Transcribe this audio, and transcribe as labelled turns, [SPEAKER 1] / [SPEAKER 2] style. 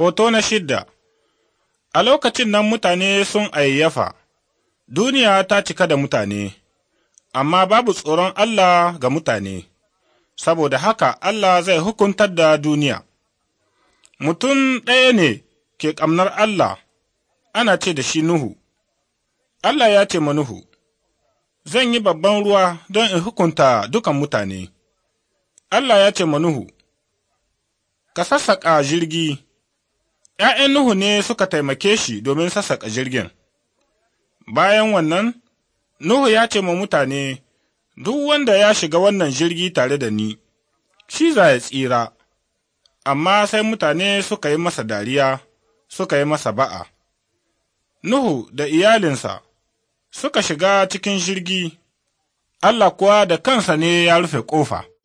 [SPEAKER 1] Hoto na shidda A lokacin nan mutane sun ayyafa, duniya ta cika da mutane, amma babu tsoron Allah ga mutane, saboda haka Allah zai hukuntar da duniya. Mutum ɗaya ne ke ƙamnar Allah, ana ce da shi Nuhu. Allah ya ce ma Nuhu, Zan yi babban ruwa don in hukunta dukan mutane. Allah ya ce ma Nuhu, Ka sassaƙa jirgi. ’ya'yan Nuhu ne suka taimake shi domin sassaƙa jirgin. Bayan wannan, Nuhu ya ce ma mutane, Duk wanda ya shiga wannan jirgi tare da ni, shi za ya tsira, amma sai mutane suka yi masa dariya, suka yi masa ba'a. Nuhu da iyalinsa suka shiga cikin jirgi, Allah kuwa da kansa ne ya rufe ƙofa.